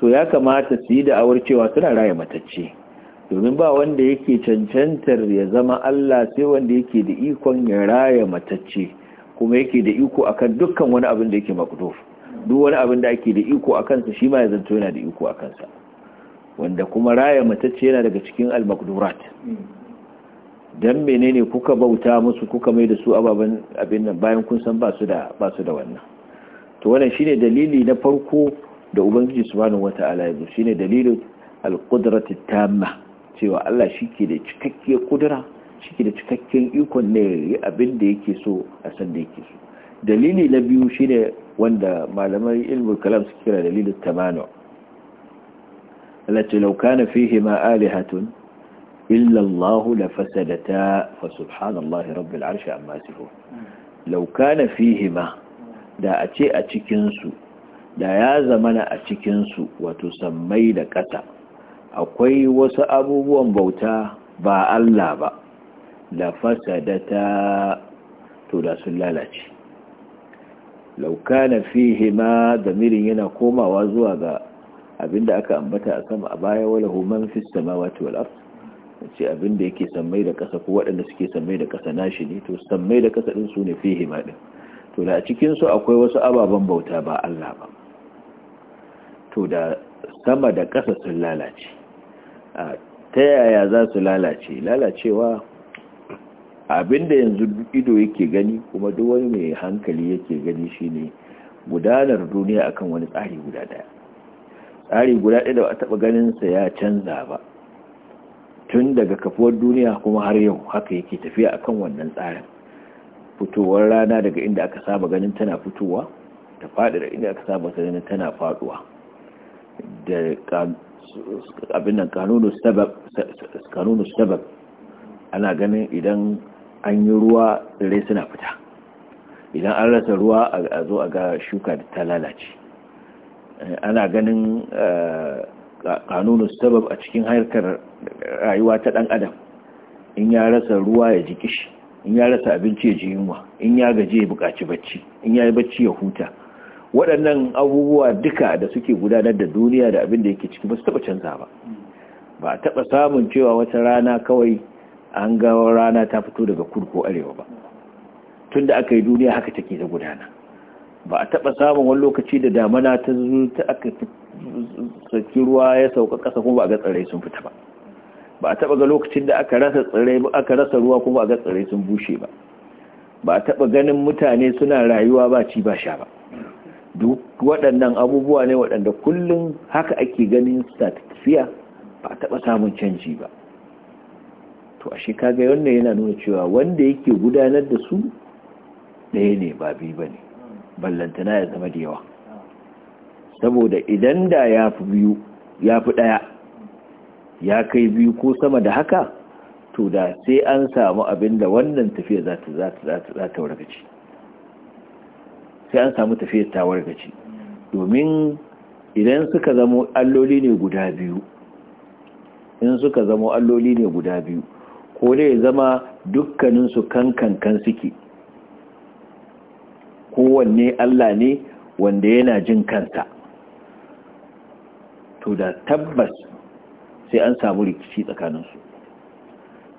to ya kamata su yi da'awar cewa suna raye matacce domin ba wanda yake cancantar ya zama Allah sai wanda yake da ikon ya raye matacce kuma yake da iko akan dukkan wani abin da yake makduf duk wani abin da ake da iko a kansa shi ma ya zanto yana da iko a kansa wanda kuma raya matacce yana daga cikin al-maqdurat dan menene kuka bauta musu kuka mai da su ababen abin nan bayan kun san ba su da ba su da wannan to wannan shine dalili na farko da ubangiji subhanahu wata'ala ya zo shine dalilin al-qudrati tamma cewa Allah shike da cikakke kudura shike da cikakken iko ne abin da yake so a san da yake so dalili na biyu shine wanda malamar ilmul kalam su kira dalilin tamanu lati laukana fihe ma'ari hatun illallahu da fasadata fa subhanallahi rabbil arshi amma siho laukana fihe ma da a ce a cikinsu da ya zamana a cikinsu wato sammai da ƙasa akwai wasu abubuwan bauta ba Allah ba da fasadata to da sun lalace laukana fihi ma damirin yana komawa zuwa ga abinda aka ambata a sama a baya wala human fi samawati wal ard ce abinda yake sammai da kasa ko waɗanda suke sammai da kasa nashi ne to sammai da kasa din su ne fihi ma din to da cikin su akwai wasu ababen bauta ba Allah ba to da sama da kasa sun lalace ta yaya za su lalace lalacewa abinda yanzu ido yake gani kuma duk wani mai hankali yake gani shine gudanar duniya akan wani tsari guda daya tsari guda daya da ba taba ganin sa ya canza ba tun daga kafuwar duniya kuma har yau haka yake tafiya akan wannan tsarin fitowar rana daga inda aka saba ganin tana fitowa ta faɗi da inda aka saba ganin tana faɗuwa da abin nan kanunu sabab ana ganin idan an yi ruwa tsirrai suna fita idan an rasa ruwa a zo a ga shuka ta lalace ana ganin eh, kanunus sabab a cikin harkar rayuwa ta dan adam in ya rasa ruwa ya ji kishi in ya rasa abinci ya ji yunwa in ya gaje ya buƙaci bacci in ya yi bacci ya huta waɗannan abubuwa duka da suke gudanar da duniya da abin da yake ciki ba su taɓa canza ba ba a taɓa samun cewa wata rana kawai an ga rana ta fito daga kudu ko arewa ba tun da aka yi duniya haka take da gudana ba a taɓa samun wani lokaci da damana ta zuta aka saki ruwa ya sauka kasa kuma ba a ga tsirrai sun fita ba ba a taɓa ga lokacin da aka rasa tsirrai aka rasa ruwa kuma ba a ga tsirrai sun bushe ba ba a taɓa ganin mutane suna rayuwa ba ci ba sha ba duk waɗannan abubuwa ne waɗanda kullum haka ake ganin tafiya ba a taɓa samun canji ba to ashe kaga wannan yana nuna cewa wanda yake gudanar da su ɗaya ne ba biyu ba ne ballantana ya zama da yawa saboda idan da ya fi biyu ya fi ɗaya ya kai biyu ko sama da haka to da sai an samu abin da wannan tafiya za ta wargaci sai an samu tafiya ta wargaci domin idan suka zama alloli ne guda biyu in suka zama alloli ne guda biyu ko ya zama dukkaninsu kankankan suke kowanne Allah ne wanda yana jin kansa to da tabbas sai an samu rikici tsakaninsu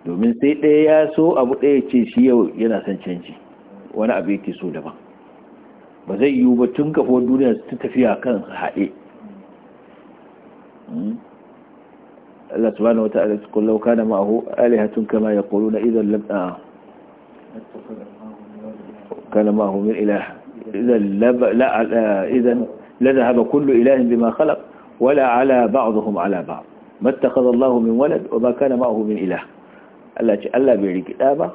domin sai ɗaya ya so abu ɗaya ce shi yau yana son canji wani abu yake so daban ba zai yiwu ba tun kafo duniya su tafiya kan haɗe hmm? Allah subhanahu wata'ala idan lam ah. kana ma'ahu min bima khalaq wala ala ba'dhum ala ba'd mattakhadha Allah min walad wa kana ma'ahu min Allah ce Allah bai rikida ba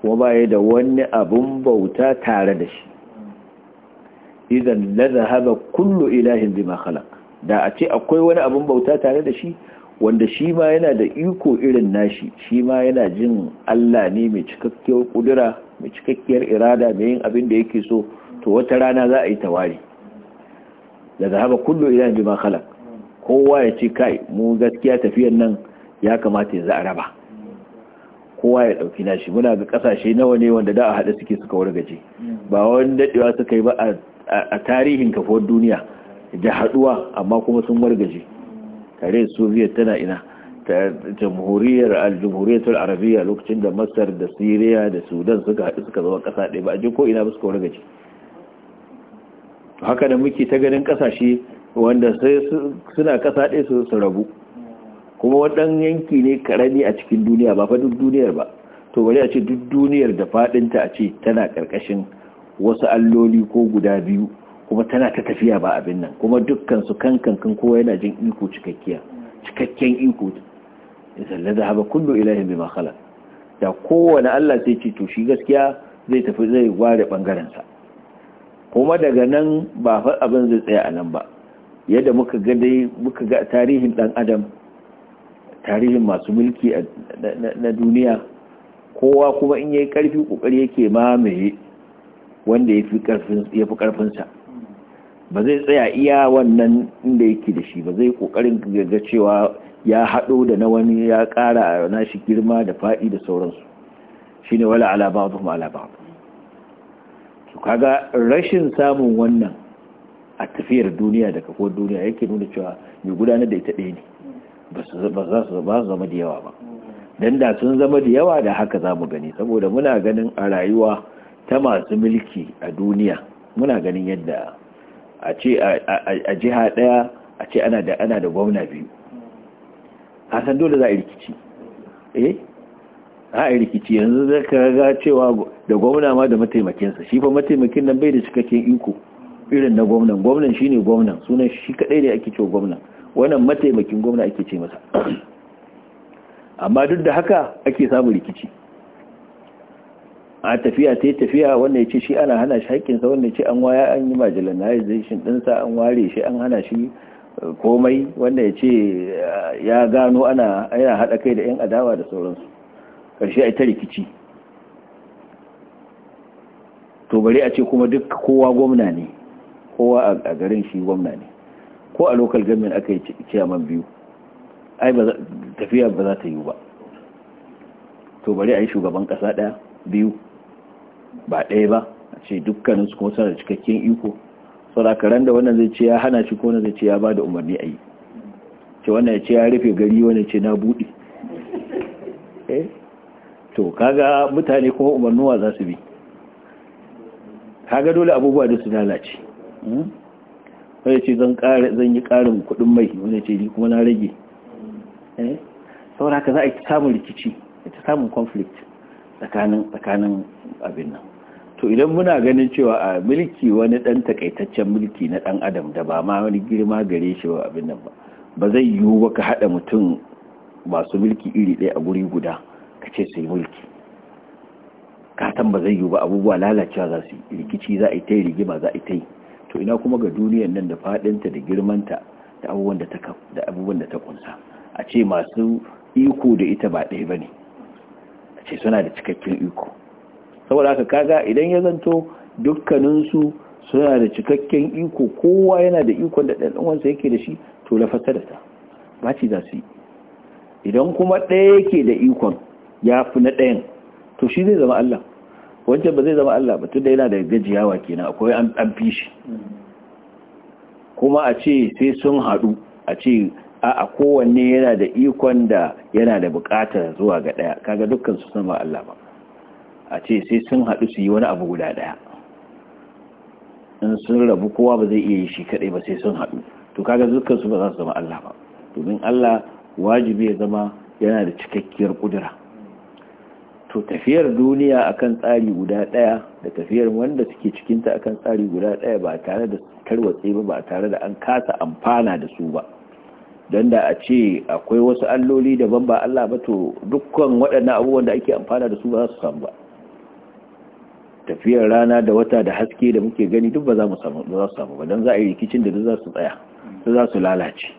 kuma baya da wani abun bauta tare da shi idan la dhahaba kullu ilahin bima khalaq da a ce akwai wani abun bauta tare da shi wanda shi ma yana da iko irin nashi shi ma yana jin Allah ne mai cikakkiyar kudura mai cikakkiyar irada mai yin abin da yake so to wata rana za a yi tawari daga haka kullum idan bi ma kowa ya ce kai mu gaskiya tafiyar nan ya kamata yanzu a raba kowa ya dauki nashi muna ga kasashe nawa ne wanda da a hada suke suka wargaje ba wani daɗewa suka yi ba a tarihin kafuwar duniya da haɗuwa amma kuma sun wargaje tare soviet tana ina jamhuriyar aljumhuriyatul arabiya lokacin da masar da syria da sudan suka haɗu suka zama ƙasa ɗaya ba a ji ko ina ba suka wani gaji haka da muke ta ganin ƙasashe wanda sai suna ƙasa ɗaya su rabu kuma waɗan yanki ne karami a cikin duniya ba fa duk duniyar ba to bari a ce duk duniyar da faɗinta a ce tana ƙarƙashin wasu alloli ko guda biyu kuma tana ta tafiya ba abin nan kuma dukkan su kankan kan kowa yana jin iko cikakkiya cikakken iko idan da haba kullu ilahi bima khala da kowane Allah sai ce to shi gaskiya zai tafi zai ware bangaren sa kuma daga nan ba fa abin zai tsaya a nan ba yadda muka ga dai muka ga tarihin dan adam tarihin masu mulki na duniya kowa kuma in yayi karfi kokari yake mamaye wanda ya fi karfin sa ba zai tsaya iya wannan inda yake da shi ba zai kokarin ga cewa ya haɗo da na wani ya ƙara a shi girma da faɗi da sauransu shine wala ala ba'dhum ala ba'd to kaga rashin samun wannan a tafiyar duniya da kafuwar duniya yake nuna cewa mai gudanar da ita ɗaya ne ba za su zama da yawa ba dan da sun zama da yawa da haka za mu gani saboda muna ganin a rayuwa ta masu mulki a duniya muna ganin yadda a ce a jiha daya a ce ana da ana da gwamna biyu hasan dole za a rikici eh a rikici yanzu zai ga cewa da gwamna ma da mataimakinsa shi fa mataimakin nan bai da cikakken iko irin na gwamnan gwamnan shine ne gwamnan sunan shi kadai ne ake cewa gwamnan wannan mataimakin gwamna ake ce masa amma duk da haka ake samun rikici a tafiya ta yi tafiya wanda ya ce shi ana hana shi haƙƙinsa wanda ya ce an waya an yi marginalization ɗinsa an ware shi an hana shi eh, komai wanda ya ce eh, ya gano ana haɗa kai da 'yan adawa da sauransu ƙarshe a ta rikici to bari a ce kuma duk kowa gwamna ne kowa a garin shi gwamna ne ko a local government aka yi ciyaman biyu ai tafiya ba za ta yi ba to bari a yi shugaban ƙasa ɗaya biyu ba ɗaya ba a ce dukkaninsu kuma suna da cikakken iko saurakaran da wannan zai ce ya hana shi ko zai ce ya ba da umarni a yi ce wannan ya ce ya rufe gari wani ce na buɗe eh? to kaga mutane kuma umarnuwa za su bi kaga dole abubuwa da su lalace hmm? wani ce zan yi ƙarin kuɗin mai wani ce ni kuma na rage eh? sauraka za a yi samun rikici ta samun conflict tsakanin abin nan to idan muna ganin cewa a mulki wani dan takaitaccen mulki na dan adam da ba ma wani girma gare shi wa abin nan ba ba zai yiwu ba ka haɗa mutum masu mulki iri ɗaya a guri guda ka ce su yi mulki katon ba zai yiwu ba abubuwa lalacewa za su yi rikici za a yi ta yi rigima za a yi ta yi to ina kuma ga duniyar nan da faɗinta da girmanta da abubuwan da ta kunsa a ce masu iko da ita ba ɗaya ba ne ce suna da cikakken iko saboda haka kaga idan ya zanto dukkaninsu suna da cikakken iko kowa yana da ikon da ɗan yake da shi to la fasada ta ba ce za su yi idan kuma ɗaya yake da ikon ya fi na ɗayan to shi zai zama Allah wancan ba zai zama Allah ba tun da yana da gajiyawa kenan akwai an fi shi kuma a ce sai sun haɗu a ce a kowanne yana da ikon da yana da bukatar zuwa ga daya kaga dukkan su san ba Allah ba a ce sai sun haɗu su yi wani abu guda daya in sun rabu kowa ba zai iya yi shi kadai ba sai sun haɗu to kaga dukkan su ba za su zama Allah ba domin Allah wajibi ya zama yana da cikakkiyar kudura to tafiyar duniya akan tsari guda daya da tafiyar wanda suke cikinta akan tsari guda daya ba tare da tarwatse ba ba tare da an kasa amfana da su ba don da a ce akwai wasu alloli daban ba Allah ba to dukkan waɗannan abubuwan da ake amfana da su ba su samu ba tafiyar rana da wata da haske da muke gani duk ba za mu samu ba don za a yi rikicin da duk za su tsaya su za su lalace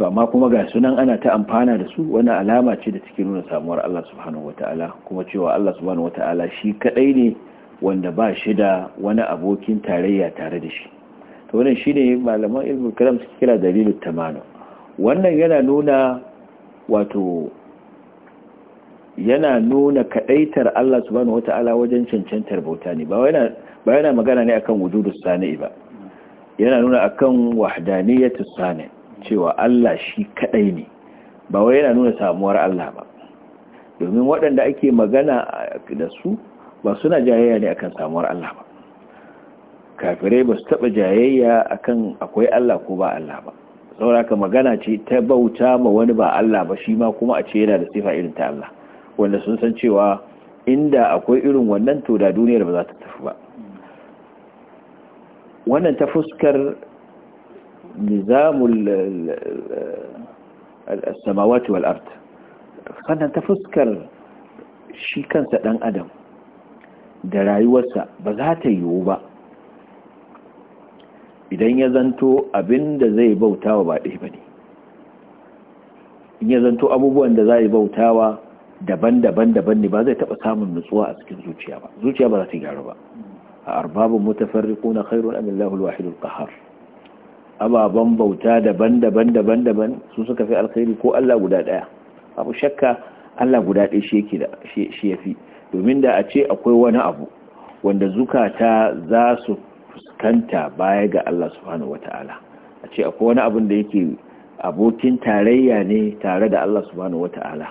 to amma kuma ga sunan ana ta amfana da su wani alama ce da take nuna samuwar Allah subhanahu wata'ala kuma cewa Allah subhanahu wata'ala shi kadai ne wanda ba shi da wani abokin tarayya tare da shi to wannan shine malaman ilmul kalam suke kira dalilul tamanu wannan yana nuna wato yana nuna kadaitar Allah subhanahu wata'ala wajen cancantar bauta ne ba yana ba yana magana ne akan wujudus sani ba yana nuna akan wahdaniyatus sani cewa Allah shi kadai ne ba wai yana nuna samuwar Allah ba domin waɗanda ake magana da su ba suna jayayya ne akan samuwar Allah ba kafirai ba su taɓa jayayya akan akwai Allah ko ba Allah ba sauraka magana ce ta bauta ma wani ba Allah ba shi ma kuma a ce yana da sifa irin ta Allah wanda sun san cewa inda akwai irin wannan to da duniyar ba za ta tafi ba wannan ta fuskar nizamul eh, eh, samawati wal ard ta fuskar shi kansa dan adam da rayuwarsa ba za ta yiwu ba idan ya zanto abin da zai bautawa ba ɗaya ba ne in ya zanto abubuwan da za yi bautawa daban-daban daban ne ba zai taɓa samun nutsuwa a cikin zuciya ba zuciya ba za ta gyaru ba a arbabin mutafarriku na khairun amillahul wahidul qahar Ababan bauta daban-daban daban-daban su suka fi alkhairi ko Allah guda ɗaya abu shakka Allah guda ɗaya shi yake da shi yafi domin da a ce akwai wani abu wanda zukata za su Kanta baya ga Allah subhanahu wata'ala a ce akwai wani abin da yake abokin tarayya ne tare da Allah subhanahu wata'ala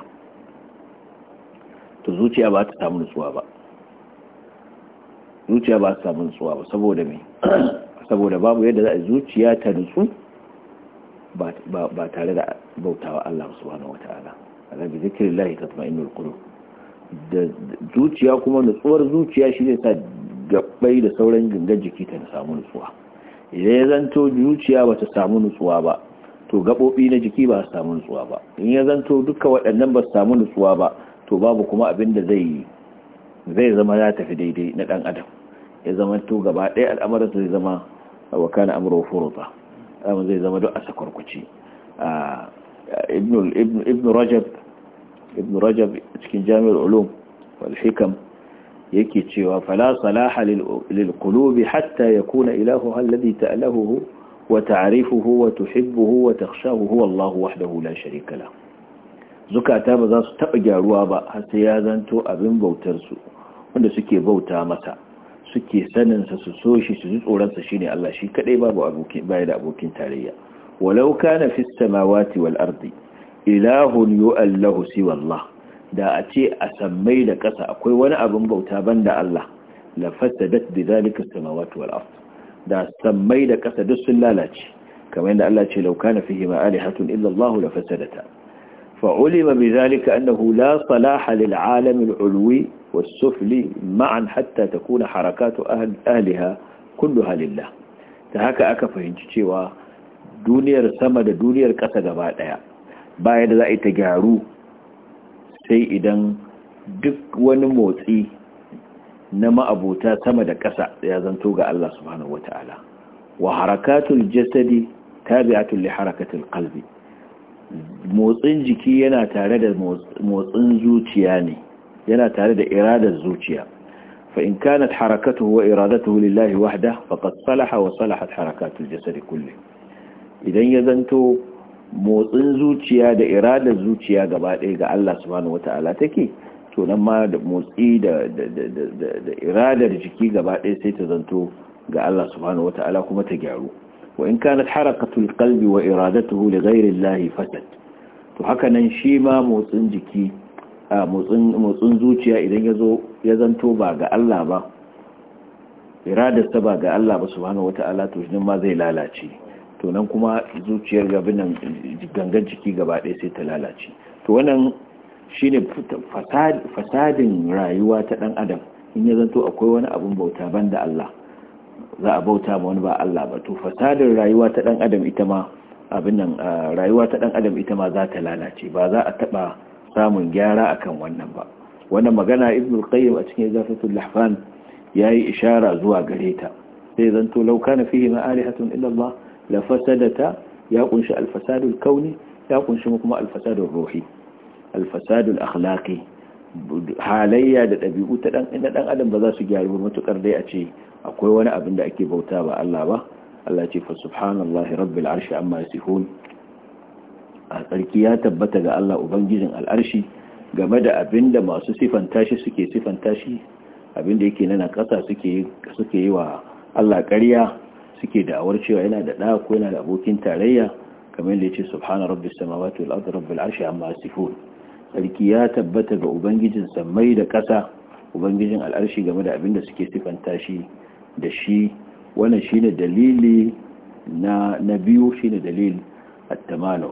to zuciya ba ta samu nutsuwa ba zuciya ba ta samu nutsuwa ba saboda me saboda babu yadda za a zuciya ta nutsu ba tare da bautawa Allah subhanahu wata'ala ala bi zikrillah tatma'innul qulub da zuciya kuma nutsuwar zuciya shine ne sa gabbai da sauran gangan jiki ta samu nutsuwa idan ya zanto zuciya ba ta samu nutsuwa ba to gaɓoɓi na jiki ba su samu nutsuwa ba in ya zanto duka waɗannan ba su samu nutsuwa ba to babu kuma abin da zai zai zama ya tafi daidai na ɗan adam ya zama to gaba ɗaya al'amarin zai zama wa kana amurwa furuta amma zai zama duk a sakwarkuci ibn ibn rajab ibn rajab cikin jami'ar ulum wal hikam yake cewa fala salaha lil qulubi hatta yakuna ilahuha ilahu ta'lahuhu wa ta'arifuhu wa tuhibbuhu wa takhshahu huwa wahdahu la sharika zukata ba za su taɓa gyaruwa ba har sai ya zanto abin bautarsu su wanda suke bauta mata suke saninsa su so shi su ji tsoronsa shine Allah shi kadai babu abokin da abokin tarayya walau kana fi samawati wal ardi ilahun yu'allahu siwa Allah da a ce a sammai da ƙasa akwai wani abin bauta banda Allah la fasadat da zalika samawati wal ard da sammai da ƙasa duk sun lalace kamar yadda Allah ce law kana fihi ma alihatun illa Allah la fasadata fa ulima bi zalika annahu la salaha lil alam al ulwi was sufli ma'an hatta takuna harakatu ahliha kulluha lillah ta haka aka fahimci cewa duniyar sama da duniyar ƙasa gaba daya baya da za a yi ta gyaru sai idan duk wani motsi na ma'abuta sama da ƙasa ya zanto ga Allah subhanahu wata'ala wa harakatul jasadi tabi'atul li harakatul qalbi motsin jiki yana tare da motsin zuciya ne yana tare da iradar zuciya fa in kanat harakatuhu wa iradatuhu lillahi wahda faqad salaha wa salahat harakatul jasadi kulli idan ya zanto motsin zuciya da iradar zuciya gaba ɗaya ga Allah subhanahu wata'ala take to nan ma da motsi da da iradar jiki gaba ɗaya sai ta zanto ga Allah subhanahu wata'ala kuma ta gyaru wa in kanat harakatul qalbi wa iradatuhu li ghayri Allah fasad to haka nan shi ma motsin jiki a motsin motsin zuciya idan yazo ya zanto ba ga Allah ba ta ba ga Allah ba subhanahu wata'ala to shin ma zai lalace to nan kuma zuciyar gabinan gangan ciki gaba ɗaya sai ta lalace to wannan shine fasadin rayuwa ta dan adam in ya zanto akwai wani abun bauta banda Allah za a bauta ma wani ba Allah ba to fasadin rayuwa ta dan adam ita ma abin nan rayuwa ta ɗan adam ita ma za ta lalace ba za a taba samun gyara akan wannan ba wannan magana ibnu qayyim a cikin zafatul lahfan yayi ishara zuwa gareta ta sai zanto law kana fihi ma alihatun illa Allah lafasadata ya kunshi alfasadul kauni ya kunshi kuma alfasadul ruhi alfasadul akhlaqi halayya da ɗabi'u ta ɗan ɗan adam ba za su gyaru ba matukar dai a ce akwai wani abin da ake bauta ba Allah ba Allah ce fa subhanallahi rabbil arshi amma yasifun a tsarki ya tabbata ga Allah ubangijin al'arshi game da abin da masu sifanta shi suke sifanta shi abin da yake nana ƙasa suke yi wa Allah ƙarya suke da'awar cewa yana da ɗa ko yana da abokin tarayya kamar yadda ya ce subhana rabbi samawati wal ardi rabbil arshi amma yasifun sarki ya tabbata ga ubangijin sammai da ƙasa ubangijin al'arshi game da abin da suke sifanta shi da shi wannan shine dalili na na biyu shine dalil at-tamanu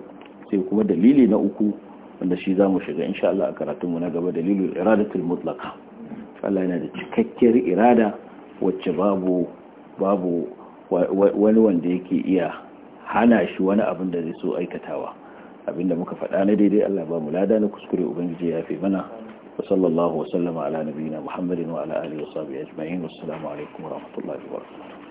sai kuma dalili na uku wanda shi zamu shiga insha Allah a karatun mu na gaba dalilul iradatul mutlaqa Allah yana da cikakkiyar irada wacce babu babu wani wanda yake iya hana shi wani abin da zai so aikatawa abinda muka faɗa na daidai Allah ba mu lada na kuskure ubangiji ya fi mana wa sallallahu wa sallama ala nabiyina muhammadin wa ala alihi wa sahbihi ajma'in wassalamu alaikum wa rahmatullahi wa barakatuh